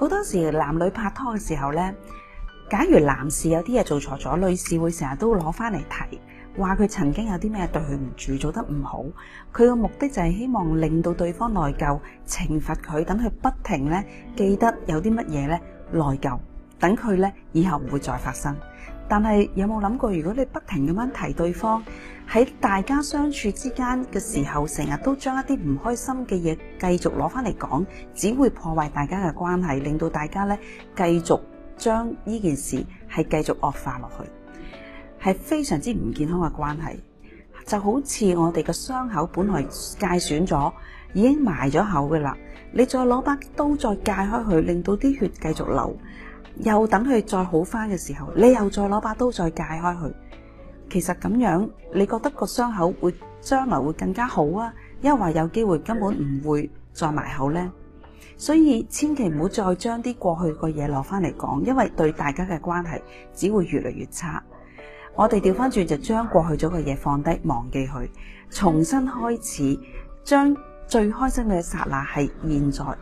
好多時男女拍拖嘅時候咧，假如男士有啲嘢做錯咗，女士會成日都攞翻嚟提，話佢曾經有啲咩對唔住，做得唔好。佢個目的就係希望令到對方內疚、懲罰佢，等佢不停咧記得有啲乜嘢咧內疚，等佢咧以後唔會再發生。但係有冇諗過，如果你不停咁樣提對方，喺大家相處之間嘅時候，成日都將一啲唔開心嘅嘢繼續攞翻嚟講，只會破壞大家嘅關係，令到大家呢繼續將呢件事係繼續惡化落去，係非常之唔健康嘅關係。就好似我哋嘅傷口本來割損咗，已經埋咗口㗎喇，你再攞把刀再割開佢，令到啲血繼續流，又等佢再好翻嘅時候，你又再攞把刀再割開佢。其實咁樣，你覺得個傷口會將來會更加好啊？因為有機會根本唔會再埋口呢？所以千祈唔好再將啲過去嘅嘢攞翻嚟講，因為對大家嘅關係只會越嚟越差。我哋調翻轉就將過去咗嘅嘢放低，忘記佢，重新開始，將最開心嘅一剎那係現在。